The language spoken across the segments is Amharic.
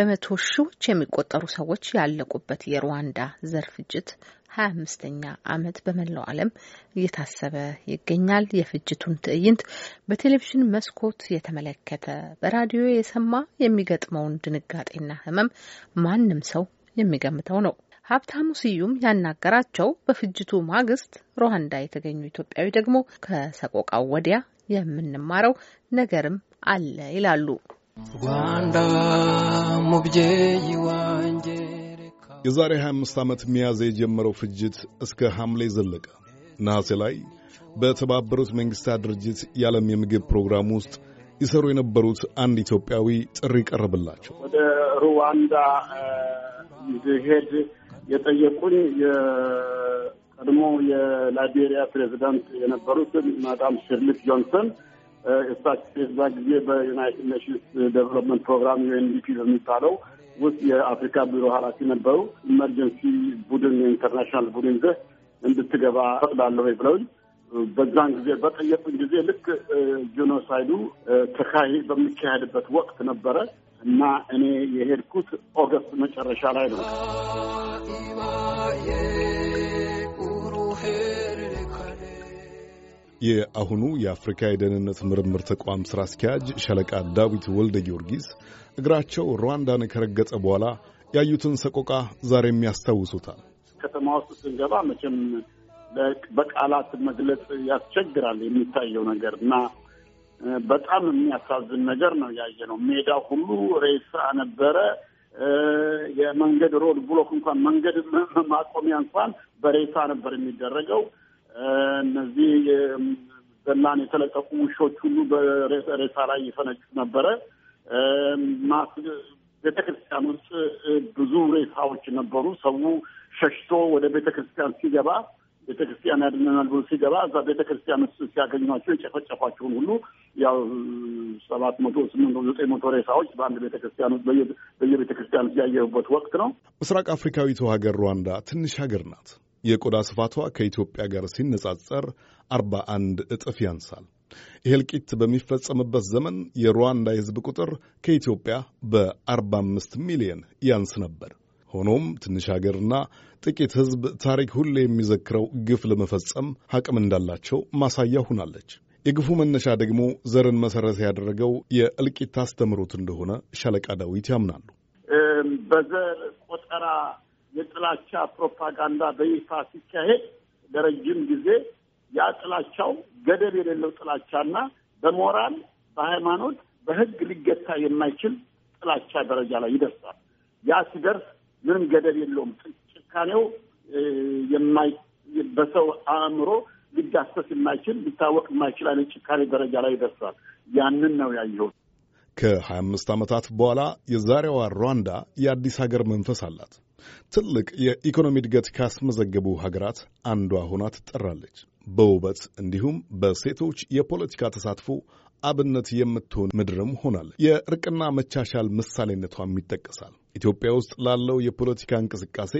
በመቶ ሺዎች የሚቆጠሩ ሰዎች ያለቁበት የሩዋንዳ ዘር ፍጅት ሀያ አምስተኛ ዓመት በመላው ዓለም እየታሰበ ይገኛል። የፍጅቱን ትዕይንት በቴሌቪዥን መስኮት የተመለከተ በራዲዮ የሰማ የሚገጥመውን ድንጋጤና ሕመም ማንም ሰው የሚገምተው ነው። ሀብታሙ ስዩም ያናገራቸው በፍጅቱ ማግስት ሩዋንዳ የተገኙ ኢትዮጵያዊ ደግሞ ከሰቆቃው ወዲያ የምንማረው ነገርም አለ ይላሉ። የዛሬ 25 ዓመት ሚያዝያ የጀመረው ፍጅት እስከ ሐምሌ ዘለቀ። ነሐሴ ላይ በተባበሩት መንግሥታት ድርጅት የዓለም የምግብ ፕሮግራም ውስጥ ይሰሩ የነበሩት አንድ ኢትዮጵያዊ ጥሪ ቀረብላቸው። ወደ ሩዋንዳ ሄድ የጠየቁኝ የቀድሞ የላይቤሪያ ፕሬዚዳንት የነበሩት ማዳም ሽርሊት ጆንሰን እሳቸው የዛ ጊዜ በዩናይትድ ኔሽንስ ዴቨሎፕመንት ፕሮግራም ዩኤንዲፒ በሚባለው ውስጥ የአፍሪካ ቢሮ ኃላፊ ነበሩ። ኢመርጀንሲ ቡድን የኢንተርናሽናል ቡድን ይዘህ እንድትገባ ፈቅዳለሁ ወይ ብለውኝ በዛን ጊዜ በጠየቁኝ ጊዜ ልክ ጂኖሳይዱ ተካሂ በሚካሄድበት ወቅት ነበረ እና እኔ የሄድኩት ኦገስት መጨረሻ ላይ ነው። የአሁኑ የአፍሪካ የደህንነት ምርምር ተቋም ስራ አስኪያጅ ሸለቃ ዳዊት ወልደ ጊዮርጊስ እግራቸው ሩዋንዳን ከረገጠ በኋላ ያዩትን ሰቆቃ ዛሬም ያስታውሱታል። ከተማ ውስጥ ስንገባ መቼም በቃላት መግለጽ ያስቸግራል የሚታየው ነገር እና በጣም የሚያሳዝን ነገር ነው ያየ ነው። ሜዳ ሁሉ ሬሳ ነበረ። የመንገድ ሮድ ብሎክ እንኳን መንገድ ማቆሚያ እንኳን በሬሳ ነበር የሚደረገው። እነዚህ ዘላን የተለቀቁ ውሾች ሁሉ በሬሳ ላይ እየፈነጩ ነበረ። ቤተ ክርስቲያን ውስጥ ብዙ ሬሳዎች ነበሩ። ሰው ሸሽቶ ወደ ቤተ ክርስቲያን ሲገባ ቤተ ክርስቲያን ያድነናል ብሎ ሲገባ እዛ ቤተ ክርስቲያን ውስጥ ሲያገኟቸው የጨፈጨፏቸውን ሁሉ ያው ሰባት መቶ ስምንት መቶ ዘጠኝ መቶ ሬሳዎች በአንድ ቤተ ክርስቲያን ውስጥ በየቤተ ክርስቲያን ያየሁበት ወቅት ነው። ምስራቅ አፍሪካዊቱ ሀገር ሩዋንዳ ትንሽ ሀገር ናት። የቆዳ ስፋቷ ከኢትዮጵያ ጋር ሲነጻጸር 41 እጥፍ ያንሳል። ይህ እልቂት በሚፈጸምበት ዘመን የሩዋንዳ የሕዝብ ቁጥር ከኢትዮጵያ በ45 ሚሊዮን ያንስ ነበር። ሆኖም ትንሽ አገርና ጥቂት ሕዝብ ታሪክ ሁሌ የሚዘክረው ግፍ ለመፈጸም አቅም እንዳላቸው ማሳያ ሁናለች። የግፉ መነሻ ደግሞ ዘርን መሰረት ያደረገው የእልቂት አስተምህሮት እንደሆነ ሻለቃ ዳዊት ያምናሉ። በዘር ቆጠራ የጥላቻ ፕሮፓጋንዳ በይፋ ሲካሄድ ለረጅም ጊዜ ያ ጥላቻው ገደብ የሌለው ጥላቻና በሞራል በሃይማኖት፣ በህግ ሊገታ የማይችል ጥላቻ ደረጃ ላይ ይደርሳል። ያ ሲደርስ ምንም ገደብ የለውም። ጭካኔው በሰው አእምሮ ሊዳሰስ የማይችል ሊታወቅ የማይችል አይነት ጭካኔ ደረጃ ላይ ይደርሳል። ያንን ነው ያየሁት። ከሀያ አምስት ዓመታት በኋላ የዛሬዋ ሩዋንዳ የአዲስ ሀገር መንፈስ አላት። ትልቅ የኢኮኖሚ እድገት ካስመዘገቡ ሀገራት አንዷ ሆና ትጠራለች። በውበት እንዲሁም በሴቶች የፖለቲካ ተሳትፎ አብነት የምትሆን ምድርም ሆናለች። የእርቅና መቻሻል ምሳሌነቷም ይጠቀሳል። ኢትዮጵያ ውስጥ ላለው የፖለቲካ እንቅስቃሴ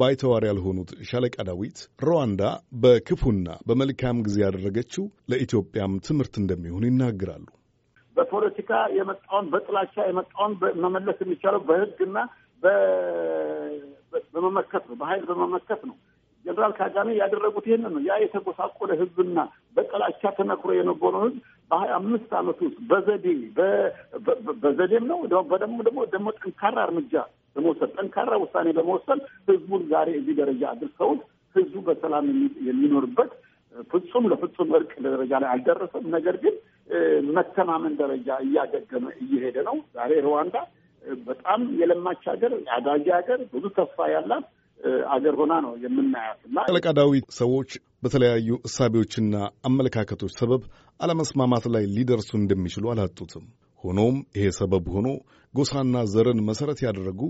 ባይተዋር ያልሆኑት ሻለቃ ዳዊት ሩዋንዳ በክፉና በመልካም ጊዜ ያደረገችው ለኢትዮጵያም ትምህርት እንደሚሆን ይናገራሉ። በፖለቲካ የመጣውን በጥላቻ የመጣውን መመለስ የሚቻለው በሕግና በመመከት ነው፣ በኃይል በመመከት ነው። ጀነራል ካጋሜ ያደረጉት ይህንን ነው። ያ የተጎሳቆለ ህዝብና በጥላቻ ተነክሮ የነበረው ህዝብ በሀያ አምስት አመት ውስጥ በዘዴ በዘዴም ነው በደሞ ደግሞ ደግሞ ጠንካራ እርምጃ ለመወሰን ጠንካራ ውሳኔ በመወሰን ህዝቡን ዛሬ እዚህ ደረጃ አድርሰውት ህዝቡ በሰላም የሚኖርበት ፍጹም ለፍጹም እርቅ ደረጃ ላይ አልደረሰም። ነገር ግን መተማመን ደረጃ እያገገመ እየሄደ ነው። ዛሬ ሩዋንዳ በጣም የለማች ሀገር፣ አዳጊ ሀገር፣ ብዙ ተስፋ ያላት አገር ሆና ነው የምናያት እና ጠለቃ ዳዊት ሰዎች በተለያዩ እሳቤዎችና አመለካከቶች ሰበብ አለመስማማት ላይ ሊደርሱ እንደሚችሉ አላጡትም። ሆኖም ይሄ ሰበብ ሆኖ ጎሳና ዘርን መሠረት ያደረጉ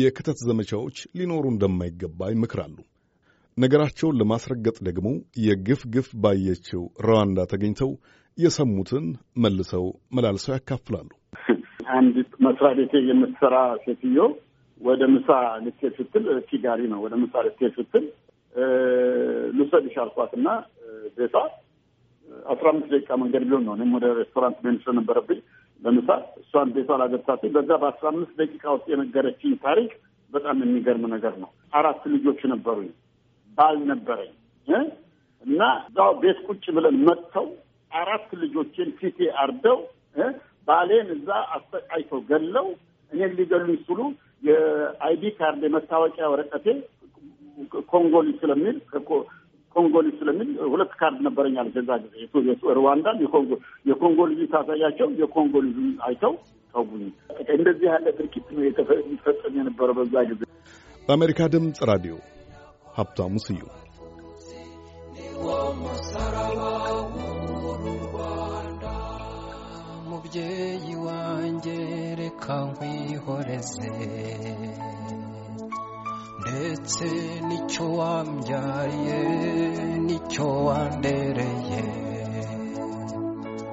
የክተት ዘመቻዎች ሊኖሩ እንደማይገባ ይመክራሉ። ነገራቸውን ለማስረገጥ ደግሞ የግፍ ግፍ ባየችው ሩዋንዳ ተገኝተው የሰሙትን መልሰው መላልሰው ያካፍላሉ። አንድ መስሪያ ቤቴ የምትሰራ ሴትዮ ወደ ምሳ ልትሄድ ስትል ኪጋሪ ነው። ወደ ምሳ ልትሄድ ስትል ልውሰድሽ አልኳትና ቤቷ አስራ አምስት ደቂቃ መንገድ ቢሆን ነው። እኔም ወደ ሬስቶራንት መሄድ ስለነበረብኝ ለምሳ እሷን ቤቷ ላገብታት በዛ በአስራ አምስት ደቂቃ ውስጥ የነገረችኝ ታሪክ በጣም የሚገርም ነገር ነው። አራት ልጆች ነበሩኝ፣ ባል ነበረኝ እና እዛው ቤት ቁጭ ብለን መጥተው አራት ልጆችን ፊቴ አርደው ባሌን እዛ አሰቃይተው ገለው እኔን ሊገሉኝ ስሉ የአይዲ ካርድ የመታወቂያ ወረቀቴ ኮንጎሊ ስለሚል ኮንጎሊ ስለሚል ሁለት ካርድ ነበረኝ ገዛ ጊዜ ሩዋንዳን የኮንጎ ልጅ ታሳያቸው የኮንጎ ልጅ አይተው ተውኝ። እንደዚህ ያለ ድርጊት ነው የሚፈጸም የነበረ በዛ ጊዜ። በአሜሪካ ድምፅ ራዲዮ ሀብታሙ ስዩም mubyeyi wanjye reka nkwihoreze ndetse n'icyo wambyaye n'icyo wandereye